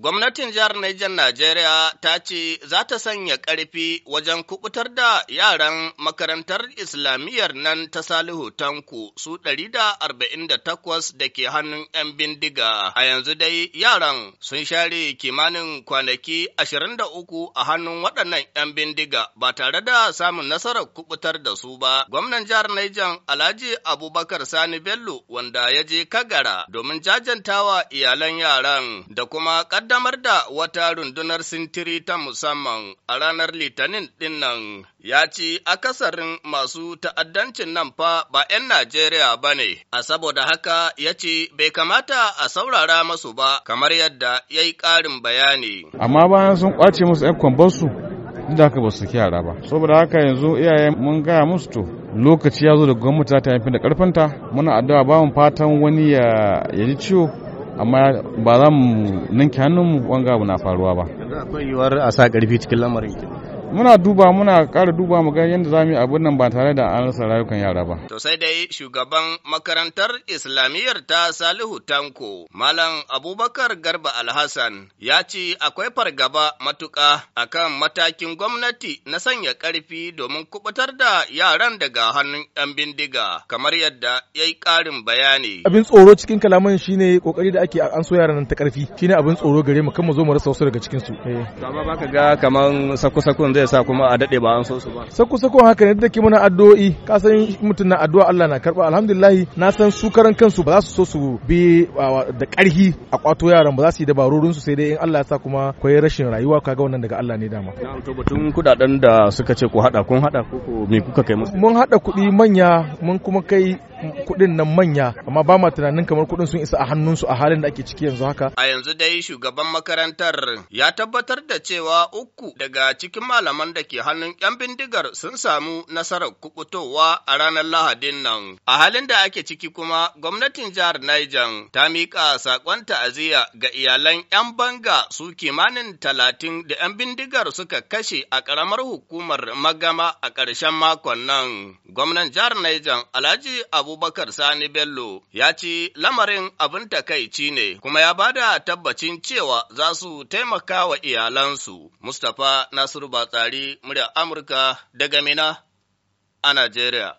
Gwamnatin jihar Niger Najeriya ta ce za ta sanya ƙarfi wajen kubutar da yaran makarantar Islamiyyar nan ta Salihu Tanku su 148 da ke hannun 'yan bindiga. A yanzu dai yaran sun share kimanin kwanaki 23 a hannun waɗannan 'yan bindiga ba tare da samun nasarar kubutar da su ba. Gwamnan jihar Niger Alhaji Abubakar Sani Bello wanda ya je Kagara domin jajantawa iyalan yaran da kuma kaddamar da wata rundunar sintiri ta musamman a ranar Litinin ɗinnan ya ci akasarin masu ta'addancin nan fa ba ‘yan Najeriya ba ne, a saboda haka ya ce bai kamata a saurara masu ba kamar yadda ya yi ƙarin bayani. Amma bayan sun ƙwace musu ‘yan basu inda haka ba su yara ba. Saboda haka yanzu iyayen mun gaya musu to, lokaci ya zo da gwamnati ta yi da karfinta muna addu'a ba mu fatan wani ya ji ciwo amma ba za mu ninke hannunmu wanga abu na faruwa ba. Yanzu akwai yiwuwar a sa ƙarfi cikin lamarin muna duba muna ƙara duba mu ga yadda za mu yi abin nan ba tare da an rasa rayukan yara ba. To sai dai shugaban makarantar Islamiyyar ta Salihu Tanko, Malam Abubakar Garba Alhassan ya ce akwai fargaba matuƙa akan matakin gwamnati na sanya ƙarfi domin kubutar da yaran daga hannun 'yan bindiga kamar yadda ya yi ƙarin bayani. Abin tsoro cikin kalaman shine kokari da ake an so yaran ta ƙarfi shine abin tsoro gare mu kan mu zo mu rasa wasu daga cikinsu. Eh. ba ka ga kamar sako-sakon zai sa kuma a dade ba an so su ba sako sako haka ne da muna addu'o'i ka san mutum na addu'a Allah na karba alhamdulillah na san su karan kansu ba za su so su bi da karhi a kwato yaran ba za su yi dabarorin su sai dai in Allah ya sa kuma koyi rashin rayuwa kaga wannan daga Allah ne dama na'am to batun kudaden da suka ce ku hada kun hada ko me kuka kai musu mun hada kuɗi manya mun kuma kai kudin nan manya amma ba ma tunanin kamar kudin sun isa a hannunsu a halin da ake ciki yanzu haka. A yanzu dai shugaban makarantar ya tabbatar da cewa uku daga cikin malaman da ke hannun 'yan bindigar sun samu nasarar kubutowa a ranar Lahadin nan. A halin da ake ciki kuma gwamnatin jihar Niger ta miƙa saƙon ta'aziyya ga iyalan 'yan banga su kimanin talatin da 'yan bindigar suka kashe a ƙaramar hukumar magama a ƙarshen makon nan. Gwamnan jihar Niger Alhaji Abu Abubakar Sani Bello ya ci lamarin abin takaici ne kuma ya bada tabbacin cewa za su taimaka wa iyalansu. Mustapha Nasiru Batsari, murya Amurka daga Mina a Najeriya.